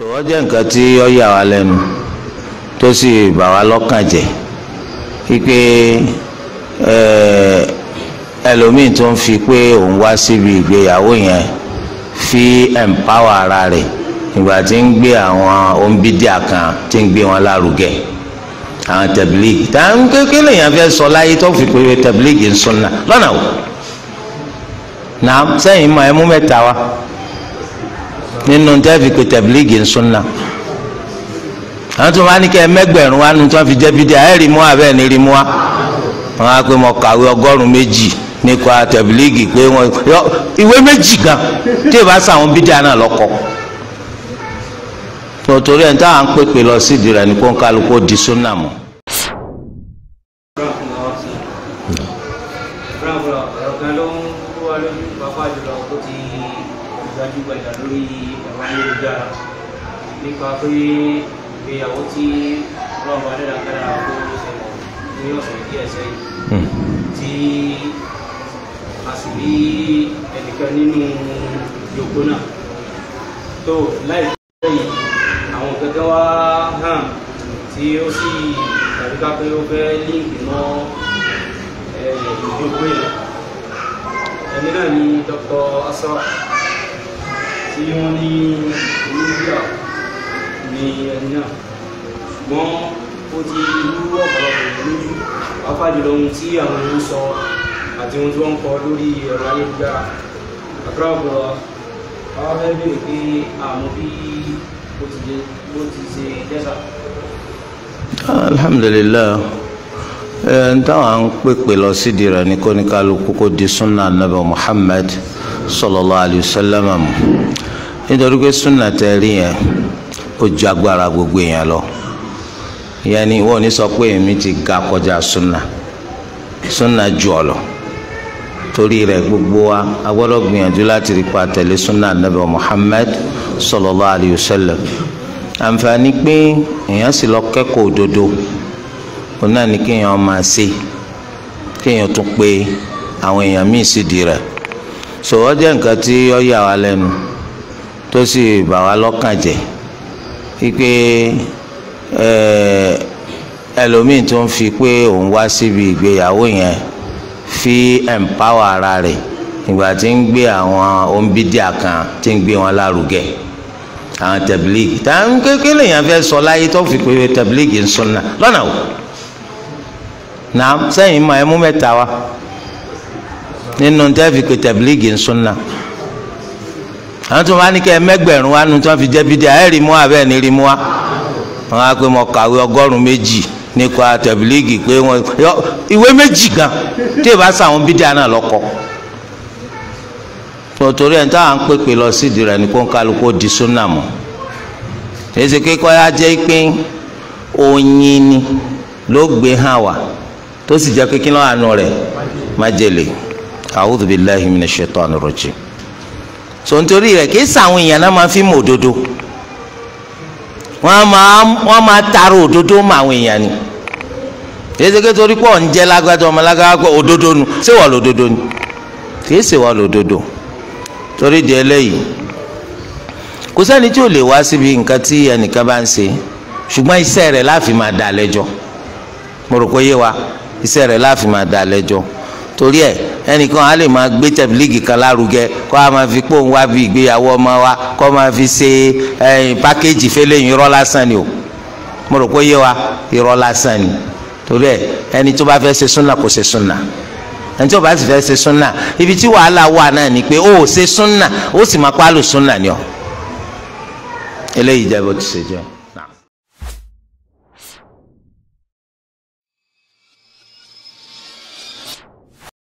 sọ̀rọ̀ jẹ́ nǹkan tí ó yà wá lẹ́nu tó sì bà wá lọ́kàn jẹ́ wípé eh, ẹlòmíín tó ń fi pé òun wá síbi ìgbéyàwó yẹn fi ẹ̀ǹpáwà ara rẹ̀ ìgbà tí ń gbé àwọn òǹbídìá kan tí ń gbé wọn lárugẹ àwọn tẹ̀bílíìgì tá à kékeré lèèyàn fẹ́ sọ láyé tó fi pé tẹ̀bílíìgì ń sunna lọ́nà o nàá sẹ́yìn mọ́ ẹ mú mẹ́ta wá nínú tẹ́ẹ̀fì pé tẹ̀bílíìgì sunna àwọn tó máa ní kẹ́ mẹ́gbẹ̀rún wa nu tí wọ́n fi jẹ́ bídíà ẹ̀ rí mú wa bẹ́ẹ̀ ni rí mú wa wọ́n á pé mo kàwé ọgọ́rùn-ún méjì nípa tẹ̀bílíìgì pé wọ́n yọ ìwé méjì gan tí ìbá sàwọn bídíà náà lọ́kọ̀ nítorí ẹ̀ ń táwọn ń pèpè lọ sídìí rẹ̀ ní kó di sunna mọ́ gbajúgbajà lórí ẹ̀rọ ayélujára nípa pé ìgbéyàwó tí ọlọ́run adédàkára kó ṣẹlẹ̀ ní ọ̀sẹ̀ díẹ̀ sẹ́yìn hmm. tí a sì rí ẹnìkan nínú yòókù náà tó láìpẹ́ yìí àwọn kẹ̀kẹ́ wá hàn tí ó sì tàbí ká pé ó fẹ́ líǹkì mọ́ ìjókòó yìí ẹni náà ni Dr. asọ́ tí wọ́n ní oníbíà ní ẹni náà ṣùgbọ́n ó ti rú ọ̀pọ̀lọpọ̀ lójú pápá jùlọ ohun tí àwọn ń sọ àti ohun tí wọ́n ń kọ lórí ẹ̀rọ ayélujára àdúrà ọ̀pọ̀ wọ́n fẹ́ béèrè pé àmọ́ bí ó ti ṣe jẹ́sà. alhamdulillah ntáwọn à ń pèpè lọ sídìí rẹ ní kóníkàlùkù kó di sunna nabi muhammad sallallahu alayhi wa sallam nítorí pé súnà tẹ̀rí yẹn ó ju agbára gbogbo yẹn lọ yẹni ni ní sọ pé èmi ti ga kọjá súnà súnà ju ọ lọ torí rẹ gbogbo wa a gbọ́dọ̀ gbìyànjú láti rí pa tẹ̀lé súnà nàbẹ Muhammad sallallahu alayhi wa pé èèyàn sì lọ òdodo òun náà kéèyàn máa ṣe kéèyàn tún pé àwọn èèyàn míì sì di jẹ́ nǹkan tí ó tó sì bà wá lọ́kàn jẹ́ wípé ẹlòmíì tó ń fi pé òun wá síbi ìgbéyàwó yẹn fi empower ara rẹ̀ ìgbà tí ń gbé àwọn ombidia kan tí ń gbé wọn lárugẹ àwọn tẹbílíìgì táwọn kékeré yẹn fẹ́ sọ láyé tó fi pé tẹbílíìgì ń sunna lọ́nà o náà sẹ́yìn mọ̀ ẹ́ mú mẹ́ta wá nínú tẹ́ fi pé tẹbílíìgì ń sunna àwọn tó wá ní kẹ́ mẹ́gbẹ̀rún wa nu tí wọ́n fi jẹ́ bídíà ẹ̀ rí mú wa bẹ́ẹ̀ ni rí mú wa wọ́n á pé mo kàwé ọgọ́rùn-ún méjì nípa tẹ̀bílíìgì pé wọ́n ìwé méjì gan tí ì bá sàwọn bídíà náà lọ́kọ̀ọ́ tòtòrí ẹ̀ ń tá à ń pèpè lọ sídìí rẹ̀ ní kóńkálukó di súnà èsì kíkọ́ yá jẹ́ pé oyin ni ló gbé hàn wá tó sì jẹ́ pé kí ló hàn nù májèlé a'udhu billahi minash shaitani rajim so nítorí rẹ̀ kì í sàwọn èèyàn náà máa fi mọ òdodo wọ́n máa wọ́n máa taro òdodo mọ àwọn èèyàn ni yézeke torí pọ̀ ń jẹ́ lágbájá ọmọ lágbájá òdodo nu ṣé wọ́n lò ni kì í ṣe wọ́n lò torí di eléyìí kò sẹ́ni tí ò lè wá síbi nǹkan tí ẹnìkan bá ń ṣe ṣùgbọ́n iṣẹ́ rẹ̀ la fi máa dá lẹ́jọ́ mo rò pé yé wa iṣẹ́ rẹ̀ la fi máa dá lẹ́jọ́ torí ẹ ẹnìkan á lè máa gbé tẹ̀bílíìgì kan lárugẹ kó a máa fi pò ń wá bí ìgbéyàwó ọmọ wa kó máa fi ṣe ẹyìn pákéjì fẹlẹ́yìn irọ́ lásán ni o mo rò pé yé wa irọ́ lásán ni torí ẹ ẹni tó bá fẹ́ ṣe súnà kò ṣe súnà ẹni tó bá sì fẹ́ ṣe súnà ibi tí wàhálà wà náà ni pé ó ṣe súnà ó sì máa pálò súnà ni ọ eléyìí jẹ́ bó ti ṣe jẹ́.